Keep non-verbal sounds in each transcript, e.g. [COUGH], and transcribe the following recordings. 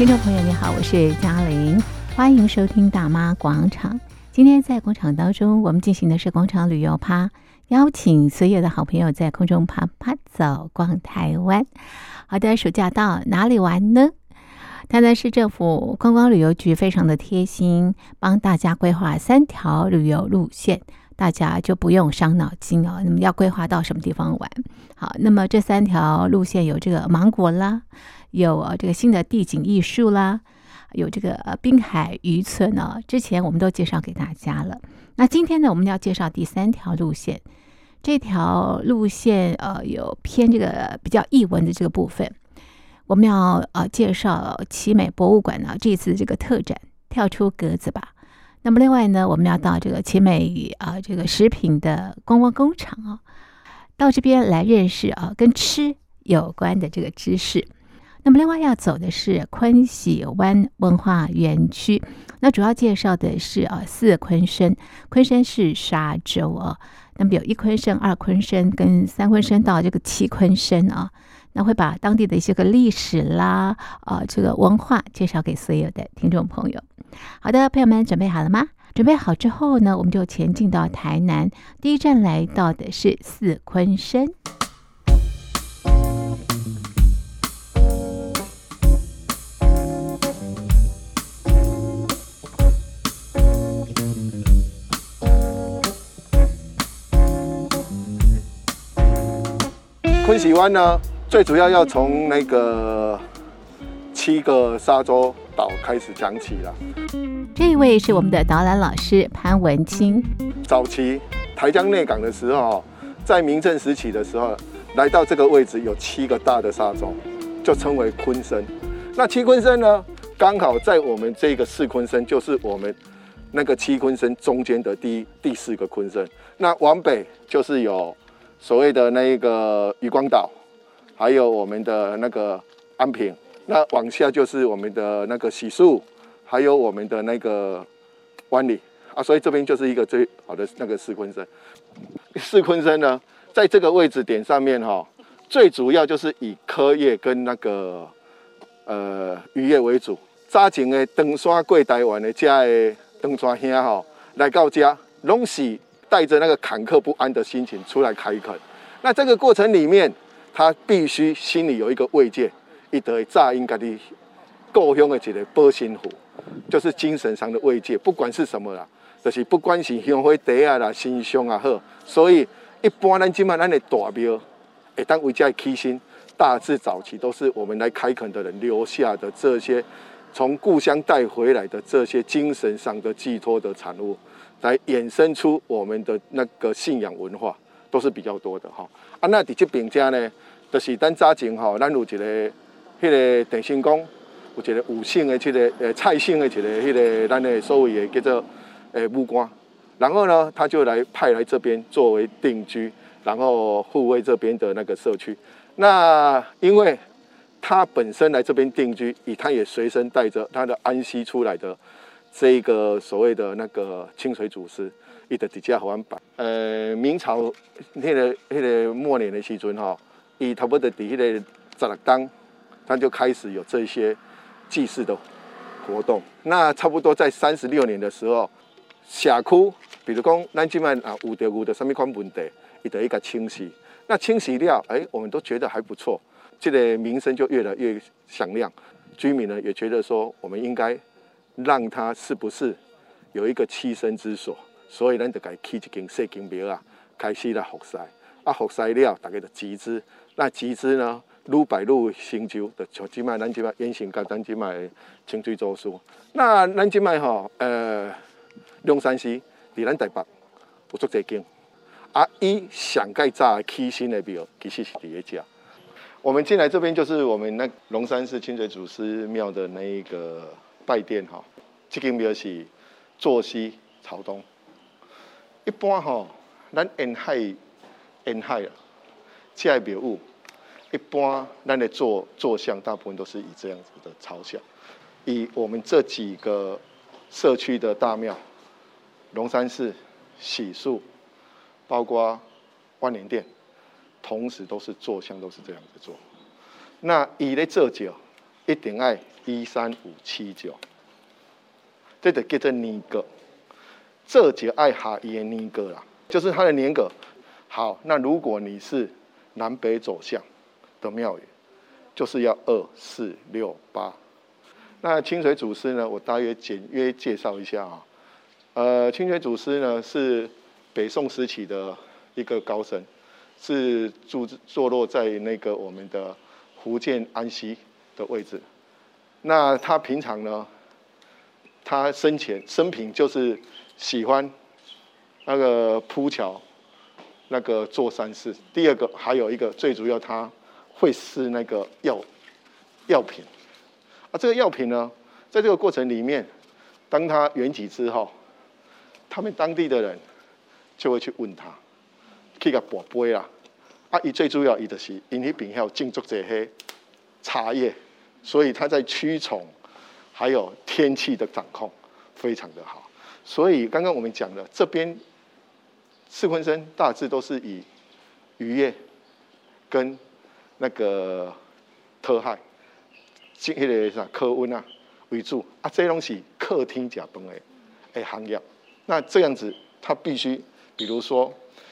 聽眾朋友，你好，我是嘉玲，歡迎收聽《大媽廣場》。今天在廣場當中，我們進行的是廣場旅遊趴，邀請所有的好朋友在空中趴趴走逛台灣。好的，暑假到哪裡玩呢？台南市政府觀光旅遊局非常的貼心，幫大家規劃三條旅遊路線，大家就不用傷腦筋了，哦。那麼要規劃到什麼地方玩？好，那麼這三條路線有這個芒果啦。有啊，這個新的地景藝術啦，有這個呃濱海漁村呢、啊，之前我們都介紹給大家了。那今天呢，我們要介紹第三條路線，這條路線呃有偏這個比較藝文的這個部分，我們要呃介紹奇美博物館呢、啊、這次這個特展“跳出格子”吧。那麼另外呢，我們要到這個奇美啊、呃、這個食品的觀光工廠啊，到這邊來認識啊跟吃有關的這個知識。那麼，另外要走的是鯤喜灣文化園區，那主要介紹的是啊、呃、四鯤鯓，鯤鯓是沙洲哦。那麼有一鯤鯓、二鯤鯓跟三鯤鯓到這個七鯤鯓啊、哦，那會把當地的一些個歷史啦，啊、呃、這個文化介紹給所有的聽眾朋友。好的，朋友們準備好了嗎？準備好之後呢，我們就前進到台南，第一站來到的是四鯤鯓。昆喜灣呢，最主要要從那個七個沙洲島開始講起了。這位是我們的導覽老師潘文清。早期台江內港的時候，在明鄭時期的時候，來到這個位置有七個大的沙洲，就稱為昆森。那七昆生呢，剛好在我們這個四昆生，就是我們那個七昆生中間的第第四個昆森。那往北就是有。所謂的那個漁光島，還有我們的那個安平，那往下就是我們的那個喜樹還有我們的那個灣裡啊，所以這邊就是一個最好的那個四鯤鯓。四鯤鯓呢，在這個位置點上面哈、哦，最主要就是以蚵業跟那個呃漁業為主。早前的唐山過台灣誒家的唐山兄吼、哦，來到家攏是。帶着那個坎坷不安的心情出來開墾，那這個過程裡面，他必須心裡有一個慰藉，一得咋應該的故鄉的一個波心湖，就是精神上的慰藉，不管是什麼啦，就是不管是鄉會得啊啦，心胸啊好，所以一般人今晚咱的大廟，哎，當家佳開心，大致早期都是我們來開墾的人留下的這些。從故鄉帶回來的這些精神上的寄托的產物，來衍生出我們的那個信仰文化，都是比較多的哈、哦。啊，那在這邊家呢，就是咱早前吼、哦，咱有一個迄、那個電信工，有一個武姓的這個呃蔡姓的這個迄、那個咱、呃、的所謂的叫做呃武館，然後呢，他就來派來這邊作為定居，然後護衛這邊的那個社區。那因為。他本身來這邊定居，以他也隨身帶着他的安溪出來的這一個所謂的那個清水祖師，伊的底家好安擺。呃，明朝迄、那個迄、那個末年的時陣吼，伊差不多在迄個十六當，他就開始有這些祭祀的活動。那差不多在三十六年的時候，下窟比如講南靖嘛啊武德武的什麼寬本的，伊的一個清洗，那清洗掉，哎、欸，我們都覺得還不錯。這個名聲就越來越響亮，居民呢也覺得說，我們應該讓它是不是有一個棲身之所，所以咱就給起一間細間廟啊，開始來復賽啊，復賽了，大家就集資，那集資呢，愈拜愈興，就像只賣咱京賣沿城街，咱京賣清水祖師，那咱京賣吼，呃，龍山寺，離咱台北有足儕近，啊，伊上介的起新的廟，其實是佇咧這。我們進來這邊就是我們那龍山寺清水祖師廟的那一個拜殿哈，這間廟是坐西朝東。一般哈，咱沿海沿海啦，這廟屋一般咱的坐坐向大部分都是以這樣子的朝向，以我們這幾個社區的大廟，龍山寺、喜樹、包括萬年殿同時都是坐向都是這樣子做，那以的坐腳，一定愛一三五七九，這得跟着年格這腳愛哈爺年格啦，就是他的年格。好，那如果你是南北走向的廟宇，就是要二四六八。那清水祖師呢？我大約簡約介紹一下啊、喔。呃，清水祖師呢是北宋時期的一個高僧。是住坐落在那個我們的福建安溪的位置。那他平常呢，他生前生平就是喜歡那個鋪橋，那個做善事。第二個還有一個最主要，他會試那個藥藥品。啊，這個藥品呢，在這個過程裡面，當他圓寂之後，他們當地的人就會去問他。去個波杯啦，啊，伊最主要伊就是，因許邊還有種植這些茶葉，所以他在驅蟲，還有天氣的掌控非常的好。所以剛剛我們講的這邊四分身大致都是以漁業跟那個特害，即些個啥科溫啊為主。啊，這些東西客廳甲崩誒，誒，行業。那這樣子，他必須，比如說。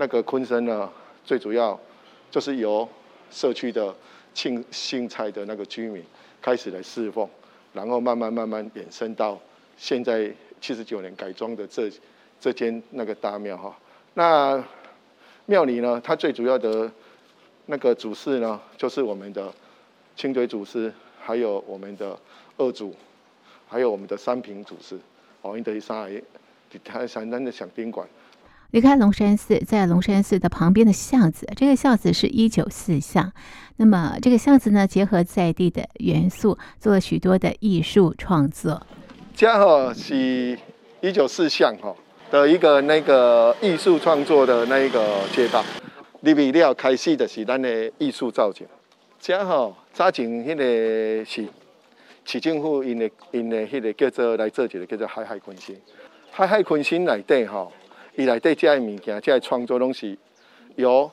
那個昆森呢，最主要就是由社區的慶姓蔡的那個居民開始來侍奉，然後慢慢慢慢衍生到現在七十九年改裝的這這間那個大廟哈。那廟裡呢，它最主要的那個祖師，呢，就是我們的清水祖師，還有我們的二祖還有我們的三平祖師哦，因得一三二，他簡單的想，賓館。離開龍山寺，在龍山寺的旁邊的巷子，這個巷子是一九四巷。那麼這個巷子呢，結合在地的元素，做了許多的藝術創作。這吼是一九四巷吼的一個那個藝術創作的那一個街道。立碑了開始就是咱的藝術造景。這吼早前迄個是市政府因的因的迄個叫做來做一個叫做海海昆星，海海昆星內底吼。以來對這類物件、這類創作東西，由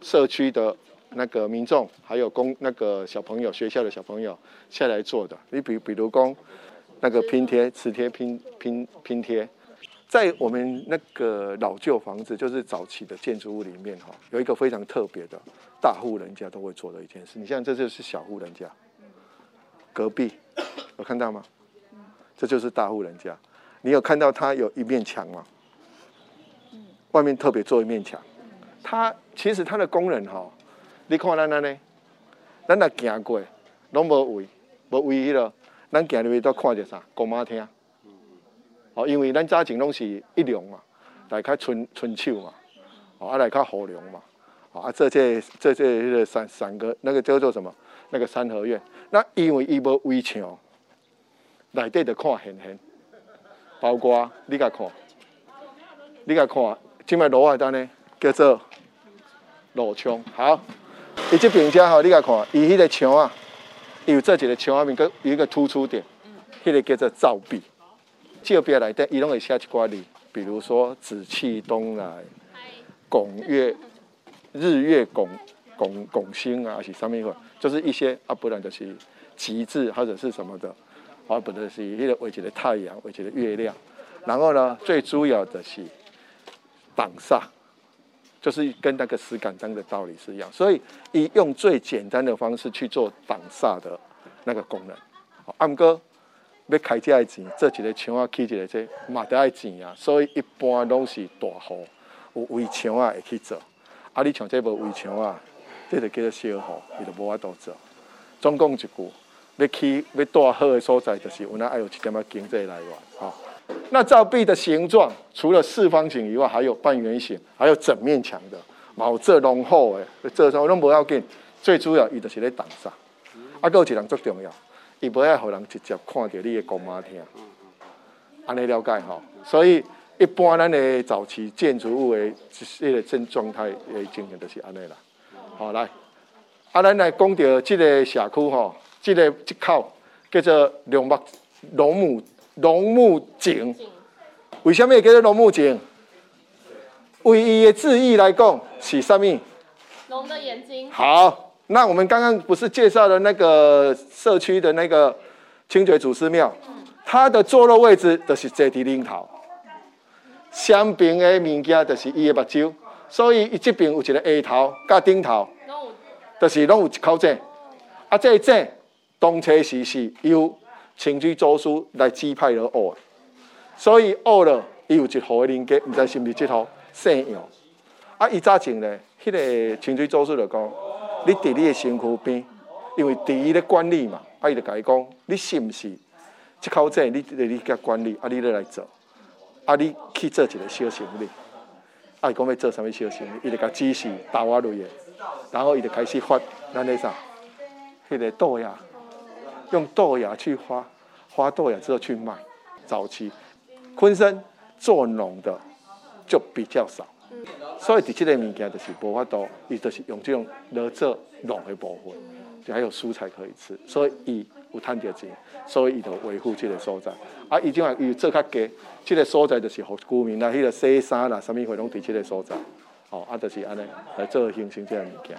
社區的那個民眾，還有公那個小朋友、學校的小朋友下來做的。你比如比如講，那個拼貼、磁貼拼拼拼貼，在我們那個老舊房子，就是早期的建築物裡面，哈，有一個非常特別的大戶人家都會做的一件事。你像這就是小戶人家，隔壁有看到嗎？這就是大戶人家，你有看到它有一面牆嗎？外面特別做一面牆，他其實他的功能哈、喔，你看咱那呢、個，咱那行過攏無圍，無圍迄落，咱行入去都看着啥？公媽廳，哦、喔，因為咱早前攏是一梁嘛，來較春春秋嘛，哦、喔，啊、來較河梁嘛、喔，啊，這些這些那個三三個那個叫做什麼？那個三合院，那因為伊無圍牆，內底就看現現，包括你甲看，你甲看。前面羅外單呢，叫做羅窗。好，伊這邊車好，你來看，伊迄個牆啊，伊有做一個牆，啊面個有一個突出點，迄、嗯那個叫做照壁、哦。這邊來，伊攏會寫一寡字，比如說“紫氣東來”、“拱月”、“日月拱拱拱星”啊，還是啥物事？就是一些啊，不然就是旗幟或者是什麼的，啊，不然就是、那個、為一個為起的太陽，為起的月亮。然後呢，最主要的、就是。擋煞就是跟那個石敢當的道理是一樣，所以以用最簡單的方式去做擋煞的那個功能。按、啊、哥要開這些錢，做一個一個這個牆啊，起這個這嘛得愛錢啊，所以一般攏是大戶有圍牆啊會去做。啊，你像這無圍牆啊，這個叫做小戶，伊就無法度做。總共一句，要去要帶好的所在，就是有那愛有一點仔經濟來源哈。啊那照壁的形狀，除了四方形以外，還有半圓形，還有整面牆的。毛這濃厚哎，這雙龍都不要緊，最主要伊就是咧擋煞，啊，夠有一個人足重要，伊不要互人直接看着你的公媽廳，安、啊、尼了解吼。所以一般咱的早期建築物的這個正狀態的經驗就是安尼啦。好，啊，來，啊，咱來講着這個社區吼，喔，這個即口叫做龍目龍母。龍目井，為什麼叫做龍目井？為伊的字義來講是啥物？龍的眼睛。好，那我們剛剛不是介紹了那個社區的那個清水祖師廟，它的坐落位置就是坐佇嶺頭，相邊的物件就是伊的目睭，所以伊這邊有一個下頭甲頂頭，就是攏有一口井，啊，這井東側是是 U。清水祖師來指派你學，所以學了伊有一戶的人家，毋知是毋是即戶姓楊。啊，伊早前咧迄、那個清水祖師就講，你佇你誒身軀邊，因為佇伊咧管理嘛，啊，伊、啊、就甲伊講，你是毋是一口井，你你你甲管理，啊，你咧來做，啊，你去做一個小生理啊。”伊講要做啥物小生理？伊就甲指示導啊類嘅，然後伊就開始發，咱咧啥？迄個多呀。用豆芽去花，花豆芽之後去賣。早期，昆生做農的就比較少，所以佇即個物件就是無法度。伊就是用這種來做農的部分，就還有蔬菜可以吃，所以伊有趁着錢，所以伊就維護這個所在。啊，伊就話伊做較低，這個所在就是互居民啦，迄、那個洗衫啦，啥物貨攏佇即個所在。哦，啊就是安尼來做形成這個物件。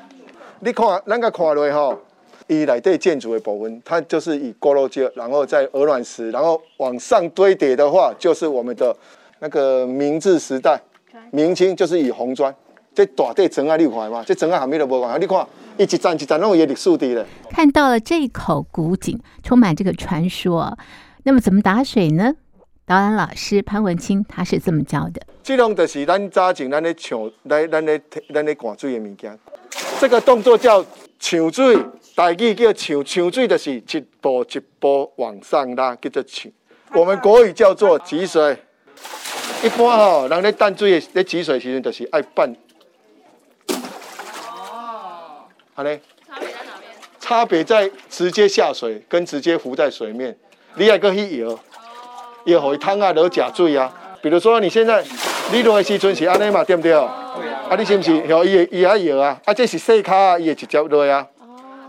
你看，咱較看落去吼、哦。以來對建築的部分，它就是以鍋爐機，然後在鵝卵石，然後往上堆疊的話，就是我們的那個明治時代、明清，就是以紅磚。這大對整啊六塊嘛，這整啊下面都無塊。你看，一層一層，都有歷史在了。看到了這一口古井，充滿這個傳說。那麼怎麼打水呢？導覽老師潘文清他是這麼教的：這種就是咱扎井，咱咧搶來，咱咧咱咧灌水的物件。這個動作叫搶水。代誌叫上上水就是，一步一步往上拉，叫做上。我們國語叫做集水。一般吼，人在淡水的集水的時陣，就是愛拌。哦。哈咧。差別在哪邊？差別在直接下水跟直接浮在水面。你外一去是油，油湯啊，有假水啊。比如說你現在，你落去的時陣是安尼嘛，對不對？啊、哦。啊，你是不是？吼，伊的伊阿油啊，啊，這是細卡啊，伊是直接落啊。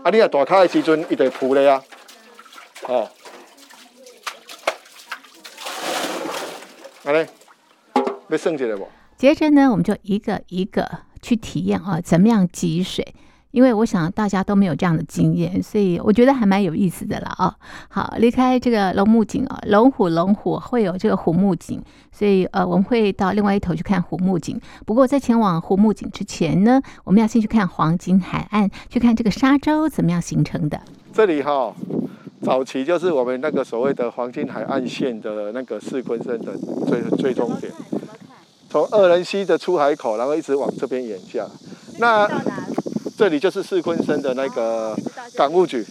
啊，你啊，大卡的時陣，一直浮咧啊，哦，安尼，要升起來無？接着呢，我們就一個一個去體驗啊、哦，怎麼樣擠水。因為我想大家都沒有這樣的經驗，所以我覺得還蠻有意思的了啊、哦。好，離開這個龍目井啊，龍虎龍虎會有這個虎目井，所以呃，我們會到另外一頭去看虎目井。不過在前往虎目井之前呢，我們要先去看黃金海岸，去看這個沙洲怎麼樣形成的。這裡哈、哦，早期就是我們那個所謂的黃金海岸線的那個四鯤鯓的最最終點，從二仁溪的出海口，然後一直往這邊延下，那。這裡就是四鯤鯓的那個港務局，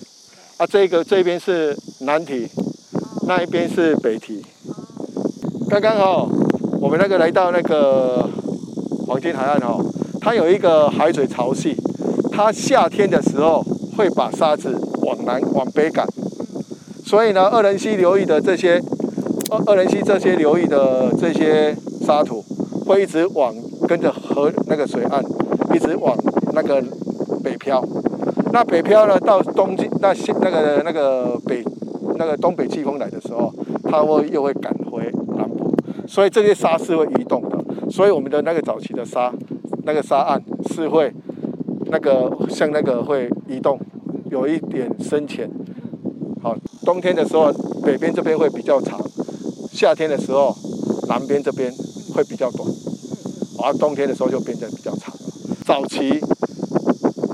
啊，這個這邊是南堤，哦，那一邊是北堤，哦。剛剛好，哦，我們那個來到那個黃金海岸哦，它有一個海水潮汐，它夏天的時候會把沙子往南往北趕，嗯，所以呢，二仁溪流域的這些二二仁溪這些流域的這些沙土會一直往跟着河那個水岸一直往那個。北漂，那北漂呢？到冬季，那西那個那個北那個東北季風來的時候，它會又會趕回南部，所以這些沙是會移動的。所以我們的那個早期的沙，那個沙岸是會那個像那個會移動，有一點深淺。好、哦，冬天的時候北邊這邊會比較長，夏天的時候南邊這邊會比較短，而、哦，冬天的時候就變得比較長。早期。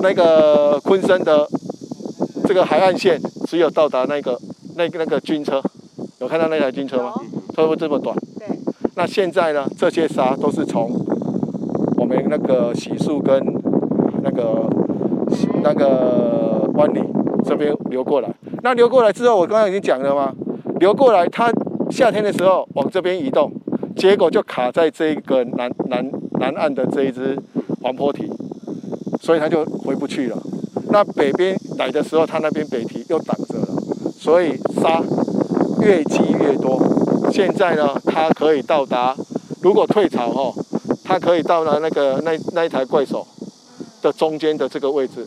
那個昆森的這個海岸線，只有到達那個那個那個軍車，有看到那台軍車嗎？它會這，這麼短。對。那現在呢？這些沙都是從我們那個喜樹跟那個那個灣裡這邊流過來。那流過來之後，我剛剛已經講了嘛？流過來，它夏天的時候往這邊移動，結果就卡在這一個南南南岸的這一只黃坡體。所以他就回不去了。那北邊來的時候，他那邊北堤又擋着了，所以沙越積越多。現在呢，它可以到達。如果退潮哦，它可以到達那個那那一台怪手的中間的這個位置。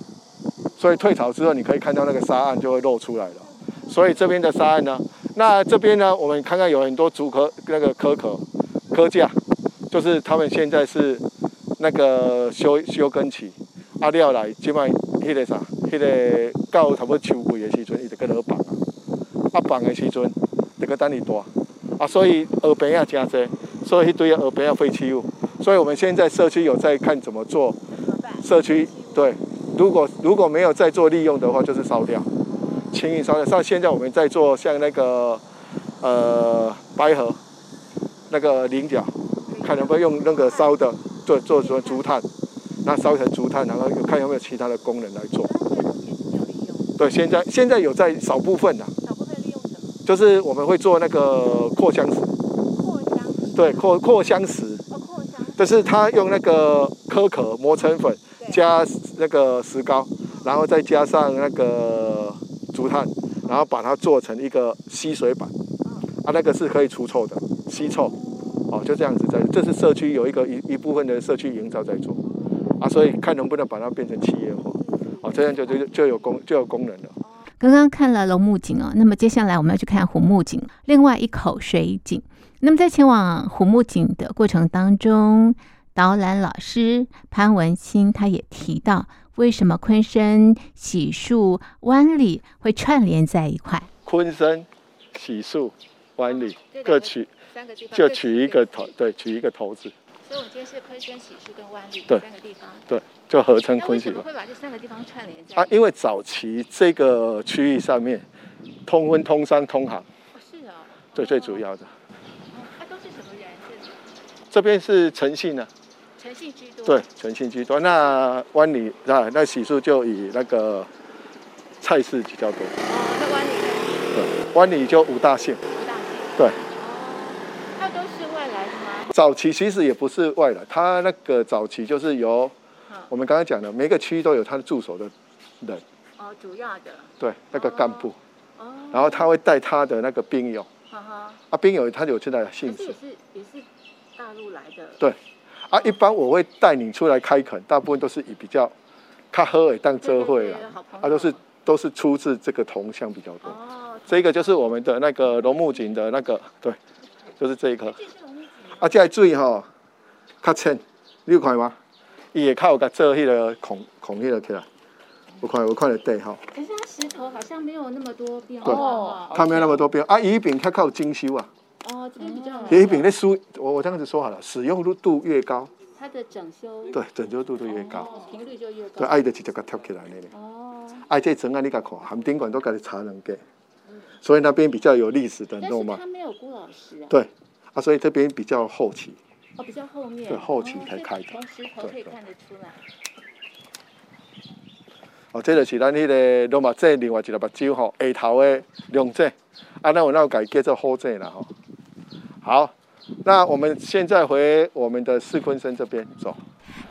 所以退潮之後，你可以看到那個沙岸就會露出來了。所以這邊的沙岸呢，那這邊呢，我們看看有很多竹殼那個殼殼殼架，就是他們現在是那個休休耕期。啊，了來那，這賣，迄個啥，迄個到差不多秋季的時陣，伊就擱落放，啊放的時陣，就個等伊大，啊，所以耳邊也真儕，所以一堆啊耳邊廢棄物，所以我們現在社區有在看怎麼做社，社區對，如果如果沒有在做利用的話，就是燒掉，輕易燒掉。像現在我們在做像那個呃白河那個菱角，看能不能用那個燒的做做成竹炭。那燒成竹炭，然後看有沒有其他的功能來做。對，現在現在有在少部分的，啊。少部分利用什麼？就是我們會做那個擴香石。擴香、啊。對，擴擴香石。哦，擴香。就是他用那個殼殼磨成粉，加那個石膏，然後再加上那個竹炭，然後把它做成一個吸水板。啊、哦。啊，那個是可以除臭的，吸臭。哦，就這樣子在，這、就是社區有一個一一部分的社區營造在做。啊，所以看能不能把它變成企業化，哦、啊，這樣就就就有功就有功能了。剛剛看了龍目井哦，那麼接下來我們要去看虎目井，另外一口水一井。那麼在前往虎目井的過程當中，導覽老師潘文清他也提到，為什麼昆生洗漱灣里會串聯在一塊？昆生洗漱灣里各取三個，就取一個頭，對，取一個頭子。所以我今天是鯤鯓喜樹跟灣里三個地方，對，就合稱鯤喜灣吧？會把這三個地方串聯？啊，因為早期這個區域上面通婚、通、通商通行、通、哦、航，是的、哦、最最主要的哦哦。啊，都是什麼人？是什麼這邊是陳姓呢、啊、陳姓居多。對，陳姓居多。那灣里啊，那喜樹就以那個菜市比較多。哦，在灣里。對，灣里就五大姓。五大姓。對。早期其實也不是外來，他那個早期就是由我們剛剛講的，每個區都有他的駐守的人。哦，主要的。對，哦、那個幹部、哦。然後他會帶他的那個兵勇。哈、哦、哈、哦。啊，兵勇他有現在的性質。也是也是大陸來的。對、嗯。啊，一般我會帶你出來開墾，大部分都是以比較他喝爾當遮會了、啊，啊，都是都是出自這個同鄉比較多。哦。這個就是我們的那個羅木槿的那個，對，就是這一、個、棵。啊，這水吼、喔、較淺你有看嗎？伊也靠甲做迄、那個孔孔，迄個起來，有看有看得得吼。喔、是它石頭好像沒有那麼多邊哦。它沒有那麼多邊、哦 okay、啊，魚餅它靠精修啊。哦，這邊比較。魚餅的書，我我這樣子說好了，使用度越高。它的整修。對，整修度就越高。頻、哦哦、率就越高。對，愛、啊、就直接甲跳起來那裡。哦。愛、啊、這層啊，你甲看，含賓館都甲你查兩去。所以那邊比較有歷史的弄嘛。但是他沒有古老師。對。啊、所以這邊比較後期，哦，比較後面，對，後期才開的。從石頭可以看得出來。哦、對。哦，這就是咱迄、那個龍目仔，另外一隻目睭吼，下頭的亮仔，啊，那我那改叫做虎仔啦、喔、好，那我們現在回我們的四昆山這邊走。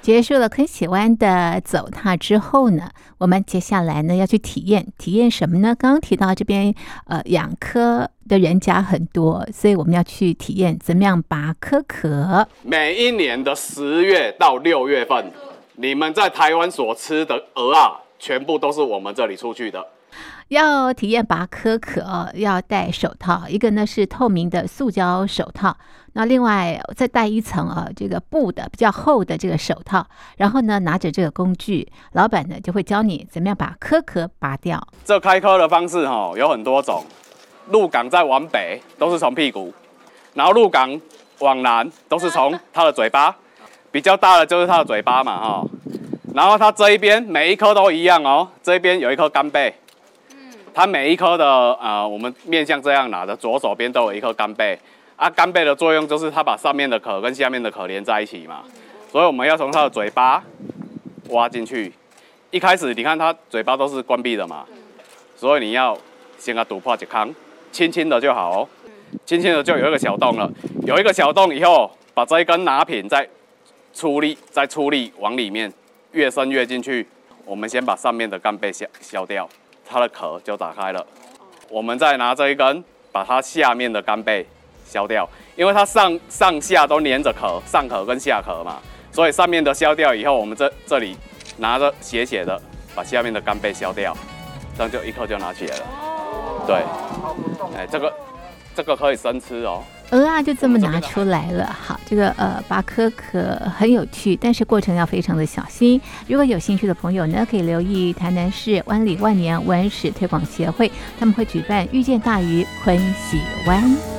結束了昆喜灣的走踏之後呢，我們接下來呢要去體驗體驗什麼呢？剛剛提到這邊呃養蚵的人家很多，所以我們要去體驗怎麼樣拔蚵殼。每一年的十月到六月份，你們在台灣所吃的蚵仔，全部都是我們這裡出去的。要體驗拔蚵殼，要戴手套，一個呢是透明的塑膠手套。那另外我再戴一層啊、哦，這個布的比較厚的這個手套，然後呢拿着這個工具，老闆呢就會教你怎麼樣把殼殼拔掉。這開殼的方式哈、哦、有很多種，鹿港再往北都是從屁股，然後鹿港往南都是從它的嘴巴，比較大的就是它的嘴巴嘛哈、哦。然後它這一邊每一顆都一樣哦，這一邊有一顆干貝，它每一顆的、呃、我們面向這樣拿的，左手邊都有一顆干貝。啊，干貝的作用就是它把上面的殼跟下面的殼連在一起嘛，所以我們要從它的嘴巴挖進去。一開始你看它嘴巴都是關閉的嘛，所以你要先給它堵破幾個坑，輕輕的就好哦，輕輕的就有一個小洞了。有一個小洞以後，把這一根拿品再出力再出力往裡面越深越進去。我們先把上面的干貝削削掉，它的殼就打開了。我們再拿這一根，把它下面的干貝。削掉，因為它上上下都粘着殼，上殼跟下殼嘛，所以上面的削掉以後，我們這這裡拿着斜斜的把下面的干貝削掉，這樣就一顆就拿起來了。對，哎，這個這個可以生吃哦。鵝啊，就這麼拿出來了。好，這個呃，八顆殼很有趣，但是過程要非常的小心。如果有興趣的朋友呢，可以留意台南市灣裡萬年文史推廣協會，他們會舉辦遇見大魚歡喜灣。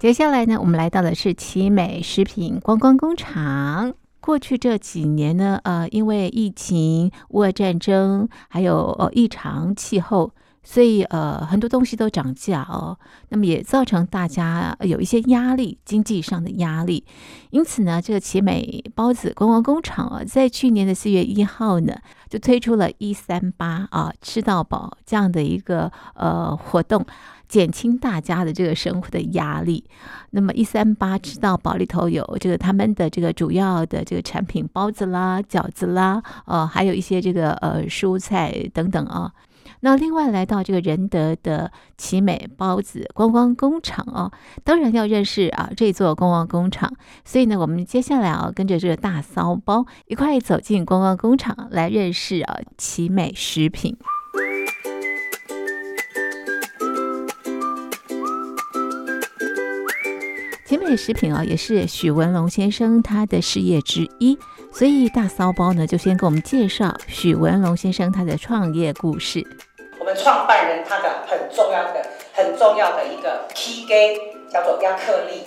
接下來呢，我們來到的是奇美食品觀光工廠。過去這幾年呢，呃，因為疫情、俄烏戰爭，還有、哦、異常氣候，所以呃，很多東西都漲價哦。那麼也造成大家有一些壓力，經濟上的壓力。因此呢，這個奇美包子觀光工廠啊、哦，在去年的四月一號呢，就推出了一三八啊吃到飽這樣的一個呃活動。減輕大家的這個生活的壓力。那麼一三八吃到飽裡頭有這個他們的這個主要的這個產品包子啦、餃子啦，呃，還有一些這個呃蔬菜等等啊。那另外來到這個仁德的奇美包子觀光工廠啊，當然要認識啊這座觀光工廠。所以呢，我們接下來啊跟着這個大騷包一塊走進觀光工廠，來認識啊奇美食品。奇美食品啊、哦，也是許文龍先生他的事業之一，所以大騷包呢就先給我們介紹許文龍先生他的創業故事。我們創辦人他的很重要的很重要的一個 key 叫做亞克力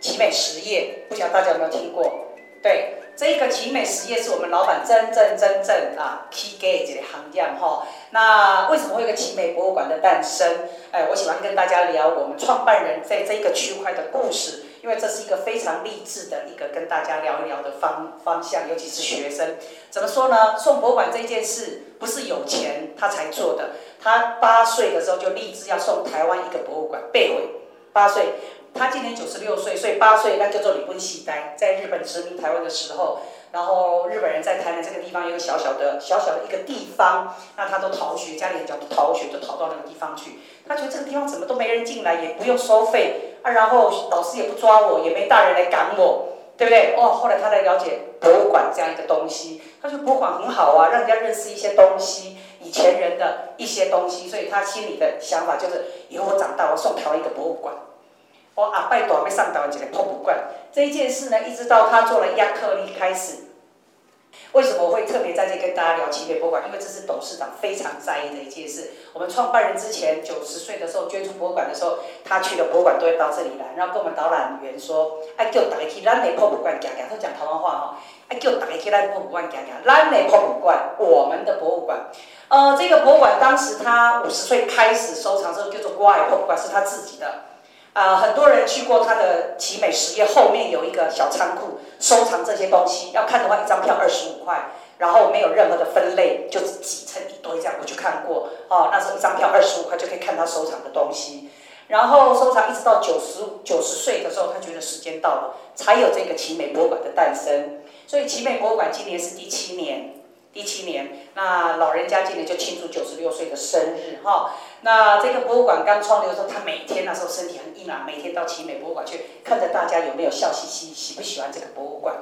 奇美實業，不曉得大家有沒有聽過？對。這個奇美實業是我們老板真正真正啊 key 起家的一個行業吼。那為什麼會有一個奇美博物館的誕生？哎，我喜歡跟大家聊我們創辦人在這個區塊的故事，因為這是一個非常勵志的一個跟大家聊一聊的方方向，尤其是學生。怎麼說呢？送博物館這件事不是有錢他才做的，他八歲的時候就立志要送台灣一個博物館，貝偉，八歲。他今年九十六歲，所以八歲那叫做李昆喜呆。在日本殖民台灣的時候，然後日本人在台南這個地方有個小小的、小小的一個地方，那他都逃學，家裡人叫他逃學，就逃到那個地方去。他覺得這個地方怎麼都沒人進來，也不用收費，啊，然後老師也不抓我，也沒大人來趕我，對不對？哦，後來他才了解博物館這樣一個東西，他說博物館很好啊，讓人家認識一些東西，以前人的一些東西，所以他心裡的想法就是，以後我長大，我送他一個博物館。阿、啊、拜導被上導只能破博物館這一件事呢，一直到他做了壓克力開始。為什麼我會特別在這裡跟大家聊企業博物館？因為這是董事長非常在意的一件事。我們創辦人之前九十歲的時候捐出博物館的時候，他去了博物館都會到這裡來，然後跟我們導覽員說：“哎，叫大家去咱的博物館行行，講台灣話哈。叫大家去咱博物館行行，咱的博物館，我們的博物館、呃。這個博物館當時他五十歲開始收藏的時候叫做 w h i t 博物館，是他自己的。”啊、呃，很多人去過他的奇美實業後面有一個小倉庫，收藏這些東西。要看的話，一張票二十五塊，然後沒有任何的分類，就是擠成一堆這樣。我去看過，哦，那時候一張票二十五塊就可以看他收藏的東西，然後收藏一直到九十五九十歲的時候，他覺得時間到了，才有這個奇美博物館的誕生。所以奇美博物館今年是第七年。第七年，那老人家今年就慶祝九十六歲的生日哈。那這個博物館剛創立的時候，他每天那時候身體很硬朗啊，每天到奇美博物館去，看着大家有沒有笑嘻嘻，喜不喜歡這個博物館。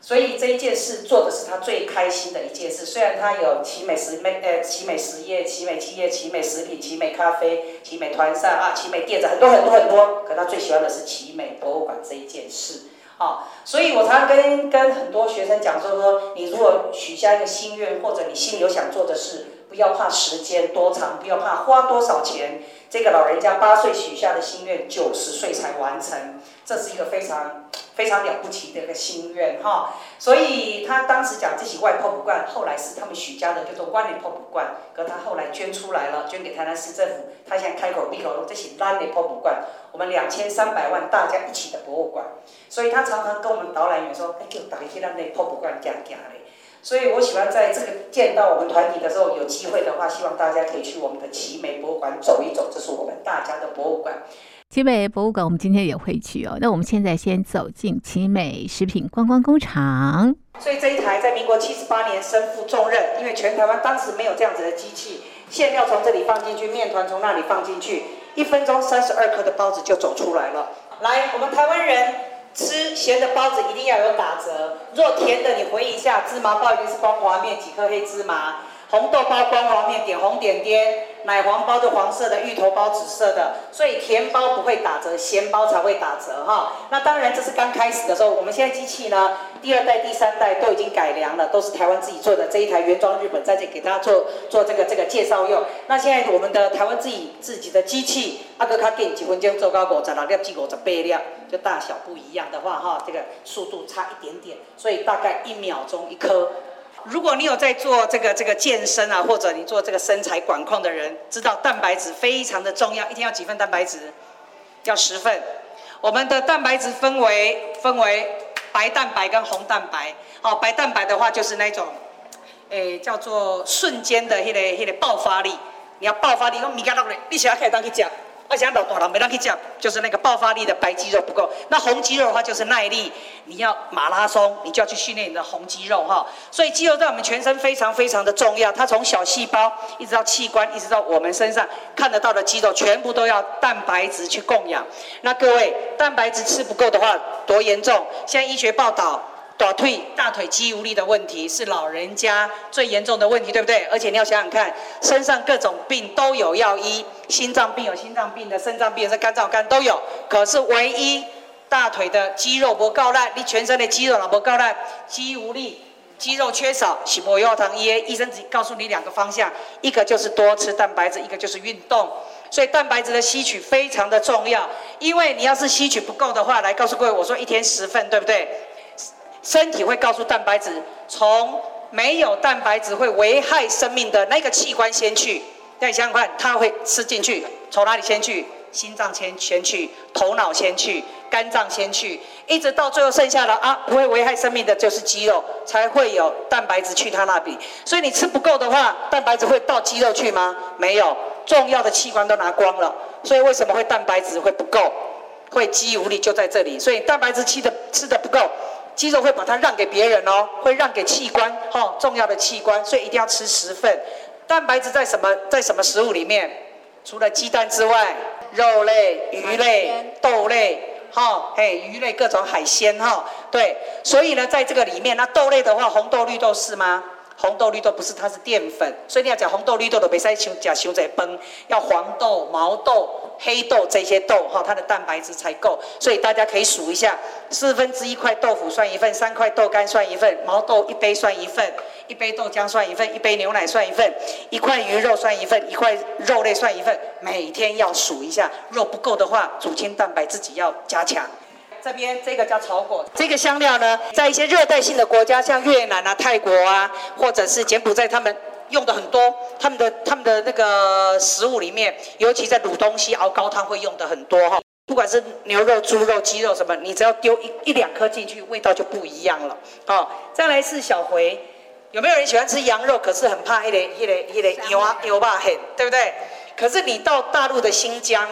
所以這一件事做的是他最開心的一件事。雖然他有奇美食美呃奇美食業、奇美企業、奇美食品、奇美咖啡、奇美團膳啊、奇美電子很多很多很多，可他最喜歡的是奇美博物館這一件事。啊，所以我常常跟跟很多學生講說說，你如果許下一個心願，或者你心裡有想做的事，不要怕時間多長，不要怕花多少錢。這個老人家八歲許下的心願，九十歲才完成，這是一個非常非常了不起的一個心願哈。所以他當時講這些我的博物館，後來是他們許家的，叫做阮的博物館，可他後來捐出來了，捐給台南市政府。他現在開口閉口這些咱的博物館，我們兩千三百萬大家一起的博物館。所以他常常跟我們導覽員說：“哎、欸，給我打開關內博物館，講講的。”所以，我喜歡在這個見到我們團體的時候，有機會的話，希望大家可以去我們的奇美博物館走一走，這是我們大家的博物館。奇美博物館，我們今天也會去哦。那我們現在先走進奇美食品觀光工廠。所以這一台在民國七十八年身負重任，因為全台灣當時沒有這樣子的機器，餡料從這裡放進去，麵糰從那裡放進去，一分鐘三十二顆的包子就走出來了。來，我們台灣人。吃鹹的包子一定要有打褶，若甜的你回憶一下，芝麻包一定是光滑面，幾顆黑芝麻，紅豆包光滑面，點紅點點。奶黃包的黃色的，芋頭包紫色的，所以甜包不會打折，鹹包才會打折哈。那當然，這是剛開始的時候，我們現在機器呢，第二代、第三代都已經改良了，都是台灣自己做的。這一台原裝日本，在這裡給大家做做這個這個介紹用。那現在我們的台灣自己自己的機器，阿哥較緊，一分鐘做高五十六粒至五十八粒，就大小不一樣的話哈，這個速度差一點點，所以大概一秒鐘一顆。如果你有在做這個這個健身啊，或者你做這個身材管控的人，知道蛋白質非常的重要，一天要幾份蛋白質？要十份。我們的蛋白質分為分為白蛋白跟紅蛋白。哦，白蛋白的話就是那種，誒、欸，叫做瞬間的那個那個爆發力。你要爆發力，的你起來可以當去講。我、啊、想老多了，每當可以講，就是那個爆發力的白肌肉不夠。那紅肌肉的話，就是耐力。你要馬拉松，你就要去訓練你的紅肌肉哈。所以肌肉在我們全身非常非常的重要。它從小細胞一直到器官，一直到我們身上看得到的肌肉，全部都要蛋白質去供養。那各位，蛋白質吃不夠的話，多嚴重？現在醫學報道。大腿大腿肌無力的問題是老人家最嚴重的問題，對不對？而且你要想想看，身上各種病都有藥醫，心臟病有心臟病的，腎臟病有是肝臟病，都有。可是唯一大腿的肌肉不夠力，你全身的肌肉老不夠力，肌無力、肌肉缺少，喜伯尤糖 E A 醫生只告訴你兩個方向，一個就是多吃蛋白質，一個就是運動。所以蛋白質的吸取非常的重要，因為你要是吸取不夠的話，來告訴各位，我說一天十份，對不對？身體會告訴蛋白質，從沒有蛋白質會危害生命的那個器官先去。那你想想看，它會吃進去，從哪裡先去？心臟先先去，頭腦先去，肝臟先去，一直到最後剩下的啊，不會危害生命的，就是肌肉，才會有蛋白質去它那裡。所以你吃不夠的話，蛋白質會到肌肉去嗎？沒有，重要的器官都拿光了。所以為什麼會蛋白質會不夠，會肌無力就在這裡。所以蛋白質吃的吃的不夠。肌肉會把它讓給別人哦，會讓給器官，哈、哦，重要的器官，所以一定要吃十份。蛋白質在什麼？在什麼食物裡面？除了雞蛋之外，肉類、魚類、豆類，哈、哦，嘿，魚類各種海鮮，哈、哦，對。所以呢，在這個裡面，那豆類的話，紅豆、綠豆是嗎？紅豆綠豆不是，它是澱粉，所以你要吃紅豆綠豆的袂使吃，吃修在崩。要黃豆、毛豆、黑豆這些豆哈、哦，它的蛋白質才夠。所以大家可以數一下，四分之一塊豆腐算一份，三塊豆乾算一份，毛豆一杯算一份，一杯豆漿算一份，一杯牛奶算一份，一塊魚肉算一份，一塊肉類算一份。每天要數一下，肉不夠的話，組清蛋白自己要加強。這邊這個叫草果，這個香料呢，在一些熱帶性的國家，像越南啊、泰國啊，或者是柬埔寨，他們用的很多。他們的他們的那個食物裡面，尤其在滷東西、熬高湯會用的很多哈、哦。不管是牛肉、豬肉、雞肉什麼，你只要丟一一兩顆進去，味道就不一樣了。好、哦，再來是小茴。有沒有人喜歡吃羊肉？可是很怕黑的黑的黑的牛啊牛吧黑，對不對？可是你到大陸的新疆。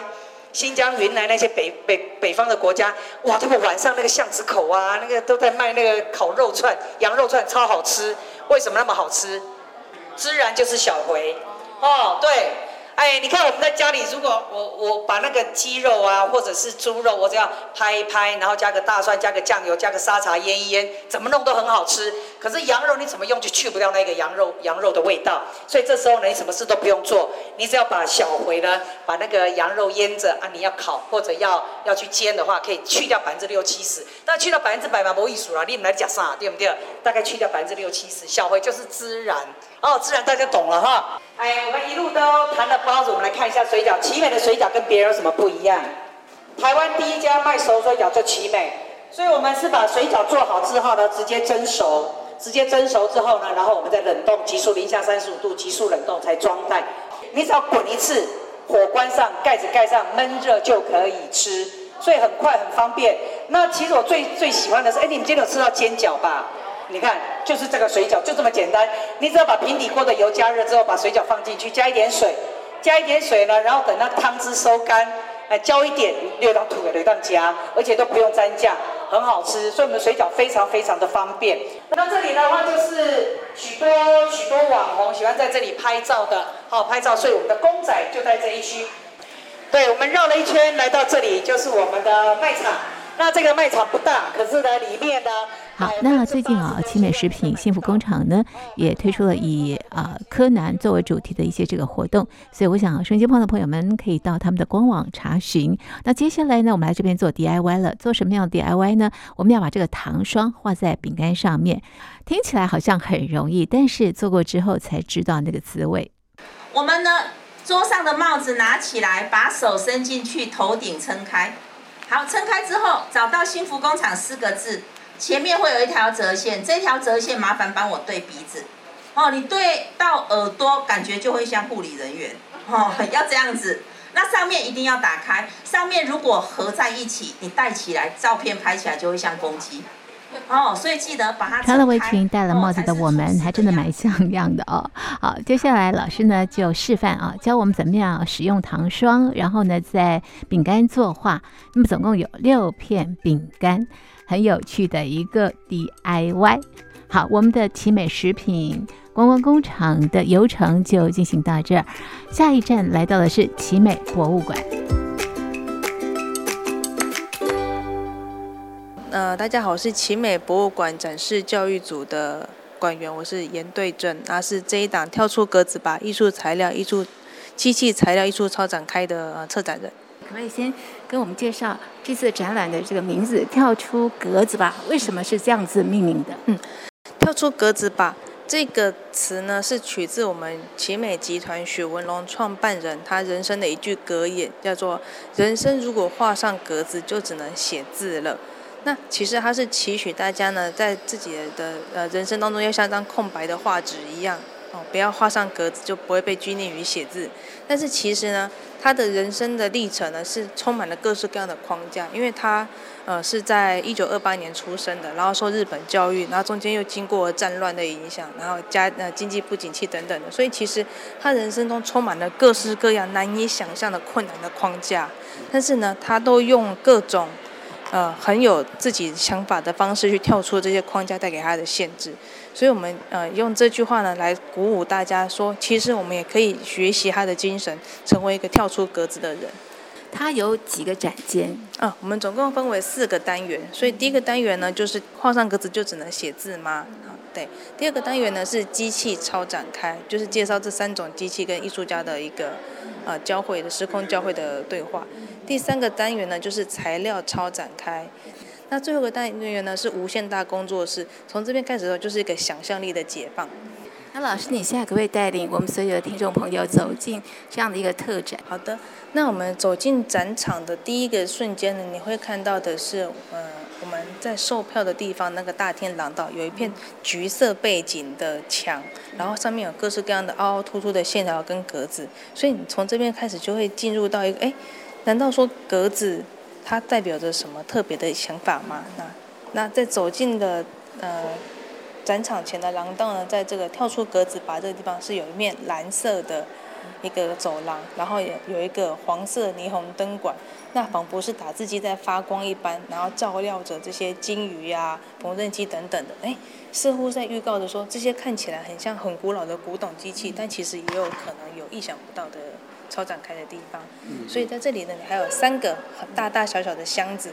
新疆、雲南那些北北北方的國家，哇，他們晚上那個巷子口啊，那個都在賣那個烤肉串、羊肉串，超好吃。為什麼那麼好吃？孜然就是小茴。哦，對。哎，你看我們在家裡，如果我我把那個雞肉啊，或者是豬肉，我只要拍一拍，然後加個大蒜，加個醬油，加個沙茶醃一醃，怎麼弄都很好吃。可是羊肉你怎麼用就去不掉那個羊肉羊肉的味道，所以這時候呢，你什麼事都不用做，你只要把小茴呢，把那個羊肉醃着啊，你要烤或者要要去煎的話，可以去掉百分之六七十。那去掉百分之百嘛，沒意思了。你們來加啥，對不對？大概去掉百分之六七十，小茴就是孜然。哦，自然大家懂了哈。哎，我們一路都談了包子，我們來看一下水餃。奇美的水餃跟別人有什麼不一樣？台灣第一家賣熟水餃叫奇美，所以我們是把水餃做好之後呢，直接蒸熟，直接蒸熟之後呢，然後我們再冷凍，急速零下三十五度急速冷凍才裝袋。你只要滾一次，火關上，蓋子蓋上，悶熱就可以吃，所以很快很方便。那其實我最最喜歡的是，哎，你們今天有吃到煎餃吧？你看，就是這個水餃，就這麼簡單。你只要把平底鍋的油加熱之後，把水餃放進去，加一點水，加一點水呢，然後等那湯汁收乾，哎，澆一點，一土的一段夾，而且都不用沾醬，很好吃。所以我們的水餃非常非常的方便。那這裡的話，就是許多許多網紅喜歡在這裡拍照的，好，好拍照。所以我們的公仔就在這一區。對，我們繞了一圈來到這裡，就是我們的賣場。那這個賣場不大，可是呢，裡面呢，好、哎。那最近啊，奇、嗯哦、美食品幸福工廠呢、嗯，也推出了以啊、嗯呃、柯南作為主題的一些這個活動，所以我想雙間的朋友們可以到他們的官網查詢。那接下來呢，我們來這邊做 DIY 了，做什麼樣的 DIY 呢？我們要把這個糖霜畫在餅乾上面，聽起來好像很容易，但是做過之後才知道那個滋味。我們呢，桌上的帽子拿起來，把手伸進去，頭頂撐開。好，撐開之後，找到“幸福工廠”四個字，前面會有一條折線，這條折線麻煩幫我對鼻子。哦，你對到耳朵，感覺就會像護理人員。哦，要這樣子。那上面一定要打開，上面如果合在一起，你戴起來，照片拍起來就會像公雞。哦，所以記得把它穿了圍裙、戴了帽子的我們，還真的蠻像樣的哦。好，接下來老師呢就示範啊，教我們怎麼樣使用糖霜，然後呢在餅乾作畫。那麼總共有六片餅乾，很有趣的一個 DIY。好，我們的奇美食品觀光工廠的流程就進行到這兒，下一站來到的是奇美博物館。呃，大家好，我是奇美博物館展示教育組的館員，我是嚴對正，那、啊、是這一檔《跳出格子吧》藝術材料、藝術機器材料藝術超展開的、呃、策展人。可以先跟我們介紹這次展覽的這個名字“跳出格子吧”，為什麼是這樣子命名的？嗯，跳出格子吧這個詞呢，是取自我們奇美集團許文龍創辦人他人生的一句格言，叫做“人生如果畫上格子，就只能寫字了”。那其實他是期許大家呢，在自己的呃人生當中，要像一張空白的畫紙一樣哦，不要畫上格子，就不會被拘泥於寫字。但是其實呢，他的人生的歷程呢，是充滿了各式各樣的框架，因為他呃是在一九二八年出生的，然後受日本教育，然後中間又經過戰亂的影響，然後家呃經濟不景氣等等的，所以其實他人生中充滿了各式各樣難以想象的困難的框架。但是呢，他都用各種。呃，很有自己想法的方式去跳出這些框架帶給他的限制，所以我們呃用這句話呢來鼓舞大家說，其實我們也可以學習他的精神，成為一個跳出格子的人。他有幾個展間？啊，我們總共分為四個單元，所以第一個單元呢就是畫上格子就只能寫字嗎？啊，對。第二個單元呢是機器超展開，就是介紹這三種機器跟藝術家的一個呃交會的時空交會的對話。第三個單元呢，就是材料超展開。那最後個單元呢，是無限大工作室。從這邊開始的時候，就是一個想象力的解放、嗯。那老師，你現在可不可以帶領我們所有的聽眾朋友走進這樣的一個特展？好的，那我們走進展場的第一個瞬間呢，你會看到的是，呃，我們在售票的地方那個大天廊道有一片橘色背景的牆，然後上面有各式各樣的凹凹凸凸，凸凸的線條跟格子，所以你從這邊開始就會進入到一個哎。誒難道說格子它代表着什麼特別的想法嗎？那那在走進的呃展場前的廊道呢，在這個跳出格子把這個地方是有一面藍色的一個走廊，然後也有一個黃色霓虹燈管，那仿佛是打字機在發光一般，然後照料着這些金魚呀、啊、縫紉機等等的，哎，似乎在預告着說這些看起來很像很古老的古董機器，但其實也有可能有意想不到的。超展開的地方，所以在這裡呢，你還有三個大大小小的箱子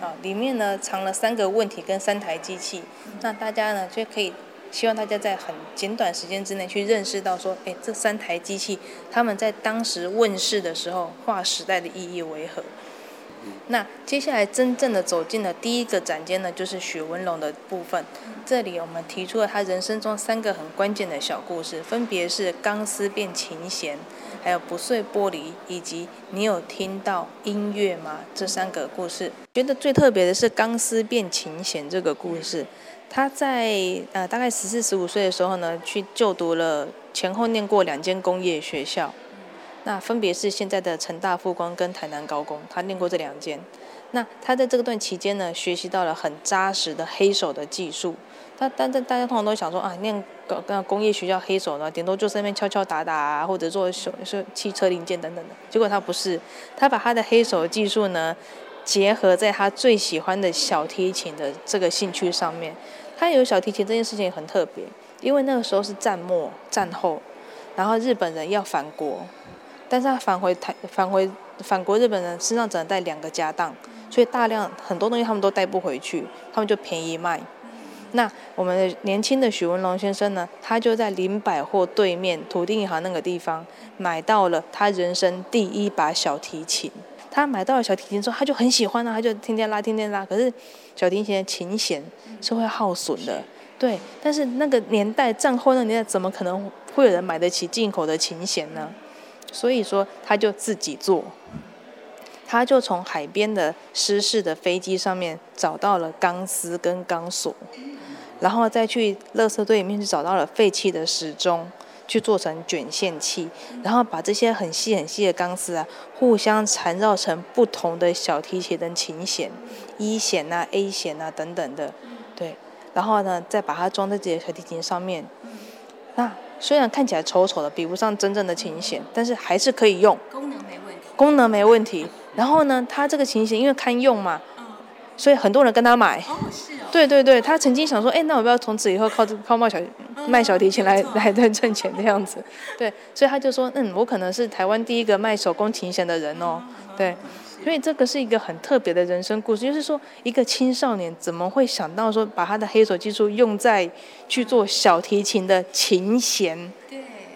啊，裡面呢藏了三個問題跟三台機器。那大家呢就可以，希望大家在很簡短時間之內去認識到說，哎、欸，這三台機器他們在當時問世的時候，劃時代的意義為何？那接下來真正的走進了第一個展間呢，就是許文龍的部分。這裡我們提出了他人生中三個很關鍵的小故事，分別是鋼絲變琴弦，還有不碎玻璃，以及你有聽到音樂嗎？這三個故事，嗯、覺得最特別的是鋼絲變琴弦這個故事。嗯、他在呃大概十四十五歲的時候呢，去就讀了前後念過兩間工業學校，嗯、那分別是現在的成大附工跟台南高工，他念過這兩間。那他在這個段期間呢，學習到了很扎實的黑手的技術。他但但是大家通常都想說啊，念。搞工業學校黑手呢，頂多就在那邊敲敲打打啊，或者做手，就是汽車零件等等的。結果他不是，他把他的黑手技術呢，結合在他最喜歡的小提琴的這個興趣上面。他有小提琴這件事情也很特別，因為那個時候是戰末戰後，然後日本人要返國，但是他返回台返回，返，回返國，日本人身上只能帶兩個家當，所以大量很多東西他們都帶不回去，他們就便宜賣。那我們的年輕的許文龍先生呢？他就在林百貨對面土地銀行那個地方買到了他人生第一把小提琴。他買到了小提琴之後，他就很喜歡啊，他就天天拉，天天拉。可是，小提琴的琴弦是會耗損的，對。但是那個年代，戰後那年代，怎麼可能會有人買得起進口的琴弦呢？所以說，他就自己做。他就從海邊的失事的飛機上面找到了鋼絲跟鋼索，嗯、然後再去垃圾堆裡面去找到了廢棄的時鐘，嗯、去做成卷線器，嗯，然後把這些很細很細的鋼絲啊，互相纏繞成不同的小提琴的琴弦一、嗯 E 弦啊，A 弦啊，等等的，嗯，對，然後呢，再把它裝在這些小提琴上面。嗯、那雖然看起來醜醜的，比不上真正的琴弦，但是還是可以用，功能沒問題，功能沒問題。 [LAUGHS] 然後呢，他這個琴弦因為堪用嘛、嗯，所以很多人跟他買、哦，是哦。對對對，他曾經想說：“哎，那我不要從此以後靠這靠賣小賣小提琴來、嗯、來,來賺錢這樣子？”對，所以他就說：“嗯，我可能是台灣第一個賣手工琴弦的人哦。嗯嗯”對，所以這個是一個很特別的人生故事，就是說一個青少年怎麼會想到說把他的黑手技術用在去做小提琴的琴弦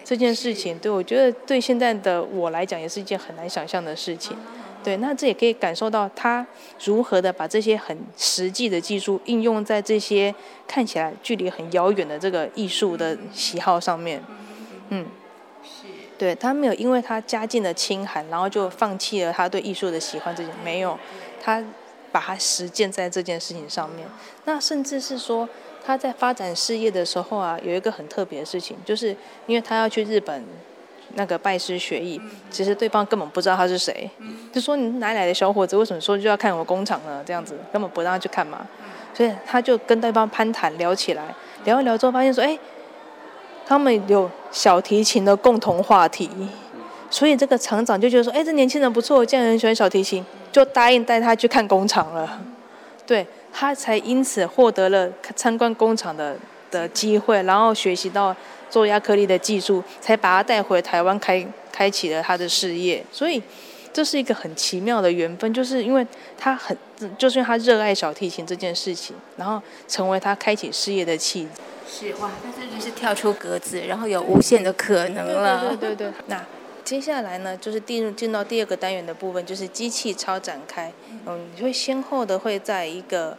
這件事情？對，我覺得對現在的我來講也是一件很難想象的事情。嗯對，那這也可以感受到他如何的把這些很實際的技術應用在這些看起來距離很遙遠的這個藝術的喜好上面。嗯，對，他沒有因為他家境的清寒，然後就放棄了他對藝術的喜歡，這些沒有，他把它實踐在這件事情上面。那甚至是說他在發展事業的時候啊，有一個很特別的事情，就是因為他要去日本。那個拜師學藝，其實對方根本不知道他是誰，就說你哪來的小伙子，為什麼說就要看我工廠呢？這樣子根本不讓他去看嘛。所以他就跟對方攀談聊起來，聊一聊之後發現說，哎，他們有小提琴的共同話題，所以這個廠長就覺得說，哎，這年輕人不錯，竟然很喜歡小提琴，就答應帶他去看工廠了。對，他才因此獲得了參觀工廠的。的機會，然後學習到做亞克力的技術，才把他帶回台灣開，開開啟了他的事業。所以這是一個很奇妙的緣分，就是因為他很，就是因為他熱愛小提琴這件事情，然後成為他開啟事業的契機。是哇，但是就是跳出格子，然後有無限的可能了。對對對，對，對，對，對。那接下來呢，就是進入進到第二個單元的部分，就是機器超展開。嗯，你會先後的會在一個。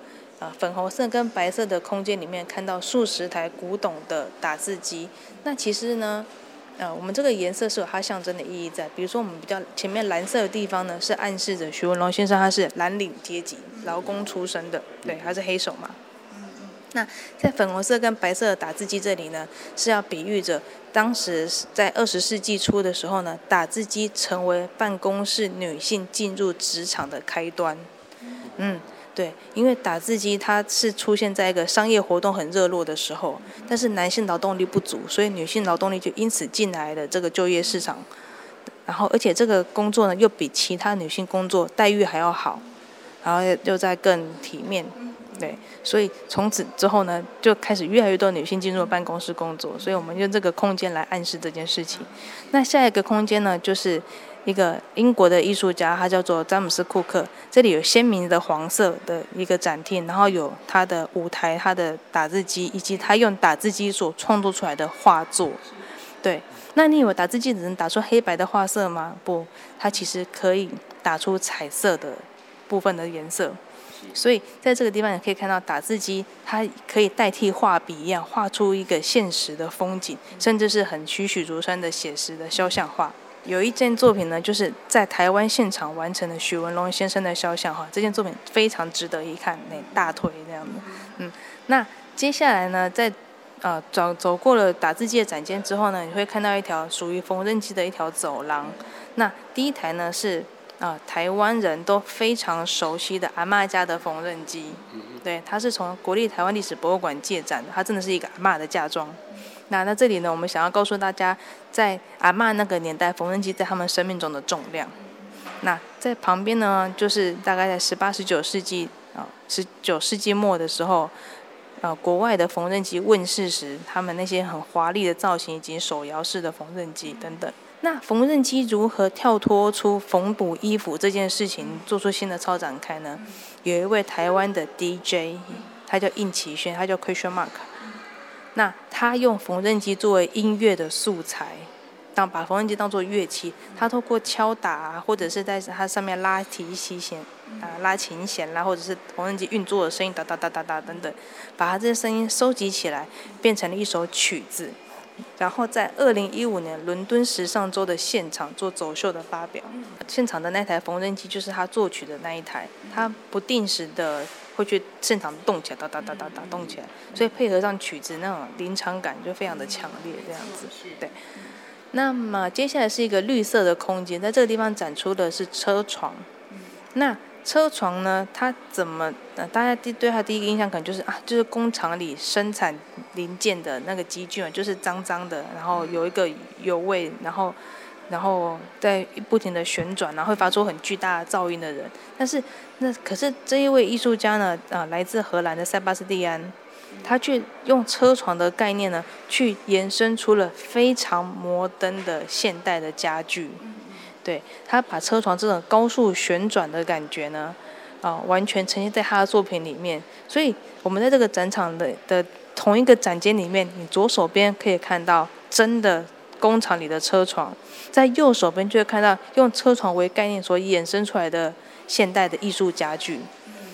粉紅色跟白色的空間裡面看到數十台古董的打字機，那其實呢，呃，我們這個顏色是有它象徵的意義在。比如說我們比較前面藍色的地方呢，是暗示着徐文龍先生他是藍領階級、勞工出身的，對，他是黑手嘛。那在粉紅色跟白色的打字機這裡呢，是要比喻着當時在二十世紀初的時候呢，打字機成為辦公室女性進入職場的開端，嗯。對，因為打字機它是出現在一個商業活動很熱絡的時候，但是男性勞動力不足，所以女性勞動力就因此進來了這個就業市場。然後，而且這個工作呢又比其他女性工作待遇還要好，然後又再更體面。對，所以從此之後呢，就開始越來越多女性進入辦公室工作。所以我們用這個空間來暗示這件事情。那下一個空間呢，就是。一個英國的藝術家，他叫做詹姆斯·庫克。這裡有鮮明的黃色的一個展廳，然後有他的舞台、他的打字機，以及他用打字機所創作出來的畫作。對，那你以為打字機只能打出黑白的畫色嗎？不，它其實可以打出彩色的部分的顏色。所以在這個地方，你可以看到打字機，它可以代替畫筆一樣畫出一個現實的風景，甚至是很栩栩如生的寫實的肖像畫。有一件作品呢，就是在台灣現場完成的許文龍先生的肖像哈，這件作品非常值得一看，那大推這樣的。嗯，那接下來呢，在呃走走過了打字機的展間之後呢，你會看到一條屬於縫紉機的一條走廊。那第一台呢是啊、呃，台灣人都非常熟悉的阿嬤家的縫紉機，對，它是從國立台灣歷史博物館借展的，它真的是一個阿嬤的嫁妝。那那這裡呢，我們想要告訴大家，在阿嬤那個年代，縫紉機在他們生命中的重量。那在旁邊呢，就是大概在十八、十九世紀啊，十九世紀末的時候，國外的縫紉機問世時，他們那些很華麗的造型以及手搖式的縫紉機等等。那縫紉機如何跳脫出縫補衣服這件事情，做出新的超展開呢？有一位台灣的 DJ，他叫應奇軒，他叫 Question Mark。那他用縫紉機作為音樂的素材，當把縫紉機當做樂器，他透過敲打啊，或者是在它上面拉提琴弦啊，拉琴弦啦，或者是縫紉機運作的聲音噠噠噠噠噠等等，把它這些聲音收集起來，變成了一首曲子。然後在二零一五年倫敦時尚周的現場做走秀的發表，現場的那台縫紉機就是他作曲的那一台，他不定時的會去現場動起來，噠噠噠噠噠動起來，所以配合上曲子那種臨場感就非常的強烈，這樣子對。那麼接下來是一個綠色的空間，在這個地方展出的是車床，那。車床呢？它怎麼？呃，大家第對他第一個印象可能就是啊，就是工廠裡生產零件的那個機具嘛，就是髒髒的，然後有一個油味，然後，然後在不停的旋轉，然後會發出很巨大的噪音的人。但是，那可是這一位藝術家呢，啊、呃，來自荷蘭的塞巴斯蒂安，他卻用車床的概念呢，去延伸出了非常摩登的現代的家具。對，他把車床這種高速旋轉的感覺呢，啊、呃，完全呈現在他的作品裡面。所以，我們在這個展場的的同一個展間裡面，你左手邊可以看到真的工廠裡的車床，在右手邊就會看到用車床為概念所衍生出來的現代的藝術家具。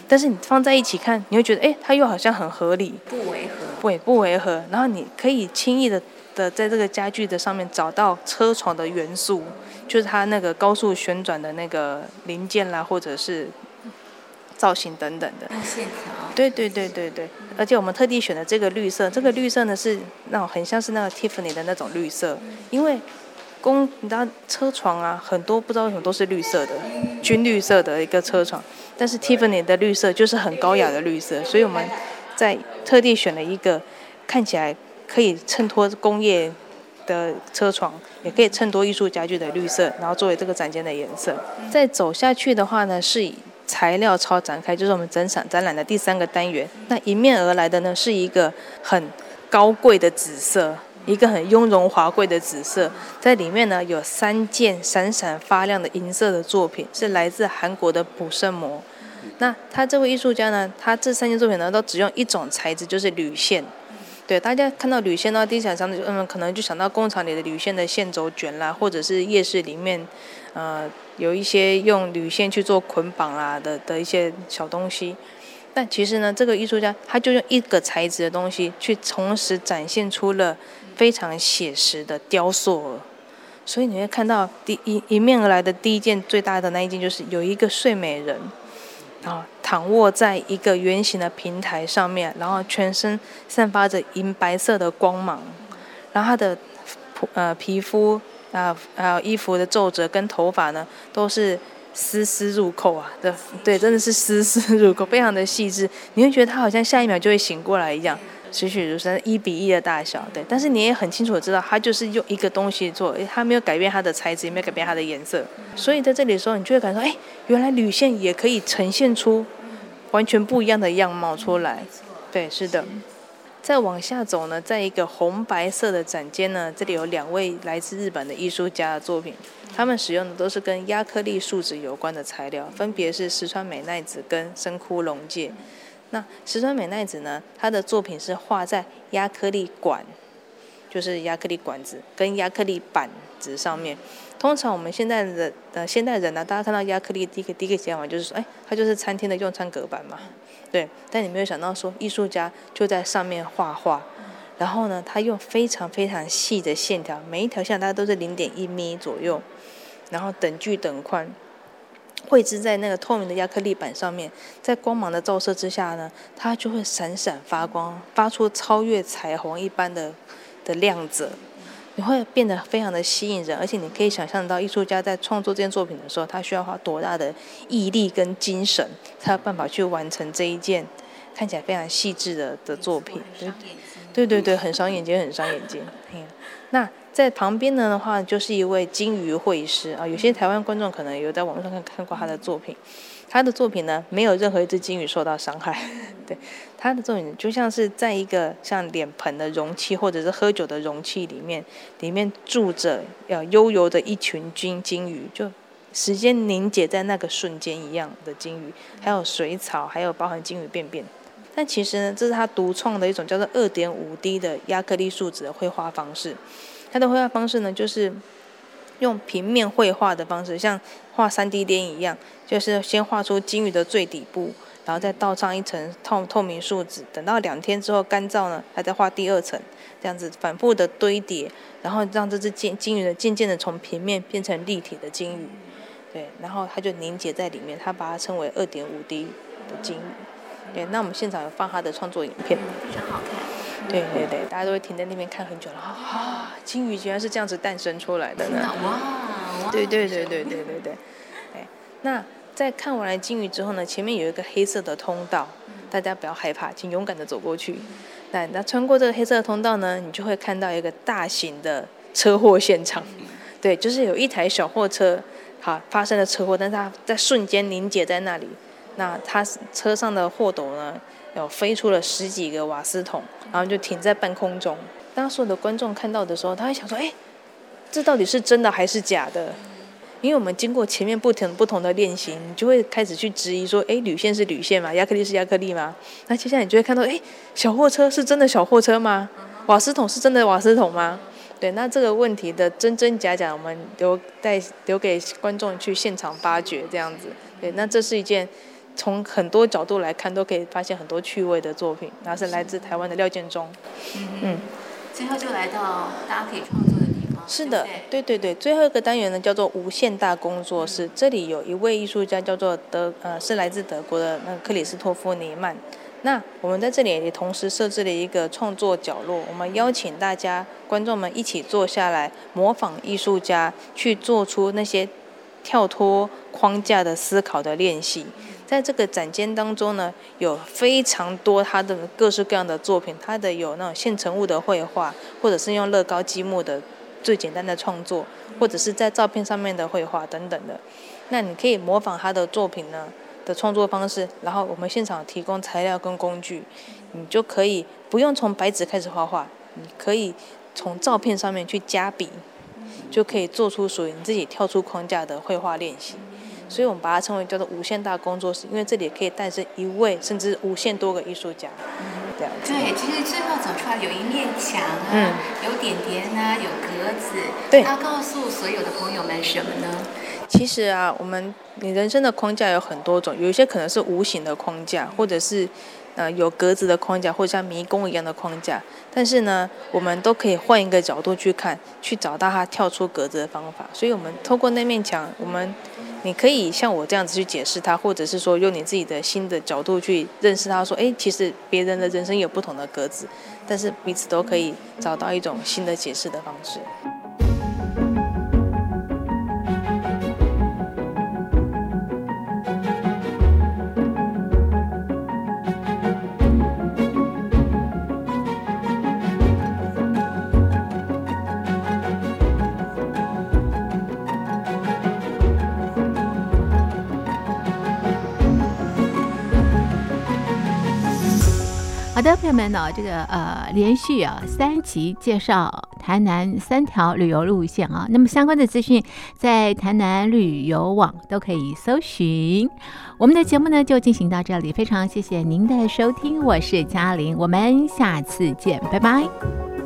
但是你放在一起看，你會覺得，哎，它又好像很合理，不違和。對，不違和。然後你可以輕易的的在這個家具的上面找到車床的元素。就是它那個高速旋轉的那個零件啦，或者是造型等等的。對對對對對，而且我們特地選的這個綠色，這個綠色呢是那種很像是那個 Tiffany 的那種綠色，因為工你知道車床啊，很多不知道為什麼都是綠色的，軍綠色的一個車床，但是 Tiffany 的綠色就是很高雅的綠色，所以我們在特地選了一個看起來可以襯托工業。的車床也可以襯托藝術家具的綠色，然後作為這個展間的顏色。再走下去的話呢，是以材料超展開，就是我們整場展覽的第三個單元。那迎面而來的呢，是一個很高貴的紫色，一個很雍容華貴的紫色。在裡面呢，有三件閃閃發亮的銀色的作品，是來自韓國的朴勝模。那他這位藝術家呢，他這三件作品呢，都只用一種材質，就是鋁線。對，大家看到鋁線的地第一想想嗯，可能就想到工廠裡的鋁線的線軸捲啦，或者是夜市裡面，呃，有一些用鋁線去做捆綁啊的的一些小東西。但其實呢，這個藝術家他就用一個材質的東西，去同時展現出了非常寫實的雕塑。所以你會看到第一迎面而來的第一件最大的那一件，就是有一個睡美人。啊，躺臥在一個圓形的平台上面，然後全身散發着銀白色的光芒，然後他的，呃，皮膚啊、呃，還有衣服的皺褶跟頭髮呢，都是絲絲入扣啊，對對，真的是絲絲入扣，非常的細緻，你會覺得他好像下一秒就會醒過來一樣。栩栩如生，一比一的大小，對。但是你也很清楚的知道，它就是用一個東西做，它沒有改變它的材質，也沒有改變它的顏色。所以在這裡的時候，你就會感受到，哎、欸，原來鋁線也可以呈現出完全不一樣的樣貌出來。對，是的。再往下走呢，在一個紅白色的展間呢，這裡有兩位來自日本的藝術家的作品，他們使用的都是跟壓克力樹脂有關的材料，分別是石川美奈子跟深堀隆介。那石川美奈子呢？她的作品是畫在壓克力管，就是壓克力管子跟壓克力板子上面。通常我們現在的呃現代人呢，大家看到壓克力第一個第一個想法就是說，哎、欸，它就是餐廳的用餐隔板嘛。對，但你沒有想到說，藝術家就在上面畫畫，然後呢，他用非常非常細的線條，每一條線條大概都是零點一米左右，然後等距等寬。繪製在那個透明的亞克力板上面，在光芒的照射之下呢，它就會閃閃發光，發出超越彩虹一般的的亮澤，你會變得非常的吸引人，而且你可以想象到藝術家在創作這件作品的時候，他需要花多大的毅力跟精神，才有辦法去完成這一件看起來非常細緻的的作品。對對對對，很傷眼睛，很傷眼睛，嘿，那。在旁邊的話，就是一位金魚繪師啊。有些台灣觀眾可能有在網上看看過他的作品。他的作品呢，沒有任何一隻金魚受到傷害。對，他的作品就像是在一個像臉盆的容器或者是喝酒的容器裡面，裡面住着呃悠悠的一群金金魚，就時間凝結在那個瞬間一樣的金魚，還有水草，還有包含金魚便便。但其實呢，這是他獨創的一種叫做二點五 D 的壓克力樹脂的繪畫方式。它的繪畫方式呢，就是用平面繪畫的方式，像畫三 D 電影一樣，就是先畫出金魚的最底部，然後再倒上一層透透明樹脂，等到兩天之後乾燥呢，它再畫第二層，這樣子反覆的堆疊，然後讓這只金金魚呢，漸漸的從平面變成立體的金魚，對，然後它就凝結在裡面，它把它稱為二點五 D 的金魚。對，那我們現場有放它的創作影片，非常好看。對對對，大家都會停在那邊看很久了。啊，金魚居然是這樣子誕生出來的呢！哇、啊！啊啊、對，對，對對對對對對對。那在看完了金魚之後呢，前面有一個黑色的通道，大家不要害怕，請勇敢地走過去。那那穿過這個黑色的通道呢，你就會看到一個大型的車禍現場。對，就是有一台小貨車，哈，發生了車禍，但是它在瞬間凝結在那裡。那它車上的貨斗呢？有飛出了十幾個瓦斯桶，然後就停在半空中。當所有的觀眾看到的時候，他會想說：“欸，這到底是真的還是假的？”因為我們經過前面不同不同的練習，你就會開始去質疑說：“欸，鋁線是鋁線嗎？亞克力是亞克力嗎？”那接下來你就會看到：“欸，小貨車是真的小貨車嗎？瓦斯桶是真的瓦斯桶嗎？”對，那這個問題的真真假假，我們留待留給觀眾去現場發掘這樣子。對，那這是一件。從很多角度來看，都可以發現很多趣味的作品。然後是來自台灣的廖建忠，嗯。嗯。最後就來到大家可以創作的地方。是的，對對，對對，最後一個單元呢叫做“無限大工作室”嗯。這裡有一位藝術家叫做德呃，是來自德國的那克里斯托夫·尼曼。那我們在這裡也同時設置了一個創作角落，我們邀請大家觀眾們一起坐下來，模仿藝術家去做出那些跳脫框架的思考的練習。在這個展間當中呢，有非常多他的各式各樣的作品，他的有那種現成物的繪畫，或者是用樂高積木的最簡單的創作，或者是在照片上面的繪畫等等的。那你可以模仿他的作品呢的創作方式，然後我們現場提供材料跟工具，你就可以不用從白紙開始畫畫，你可以從照片上面去加筆，就可以做出屬於你自己跳出框架的繪畫練習。所以我們把它稱為叫做無限大工作室，因為這裡可以誕生一位甚至無限多個藝術家。嗯，對，其實最後走出來有一面牆啊，嗯，有點點呢，有格子。對。他告訴所有的朋友們什麼呢？其實啊，我們你人生的框架有很多種，有一些可能是無形的框架，或者是呃有格子的框架，或者像迷宮一樣的框架。但是呢，我們都可以換一個角度去看，去找到它跳出格子的方法。所以我們透過那面牆，我們。你可以像我這樣子去解釋他，或者是說用你自己的新的角度去認識他，說哎、欸，其實別人的人生有不同的格子，但是彼此都可以找到一種新的解釋的方式。好的，朋友們呢、哦，這個呃，連續啊、哦三，哦、三集介紹台南三條旅遊路線啊、哦，那麼相關的資訊在台南旅遊網都可以搜尋。我們的節目呢就進行到這裡，非常謝謝您的收聽，我是嘉玲，我們下次見，拜拜。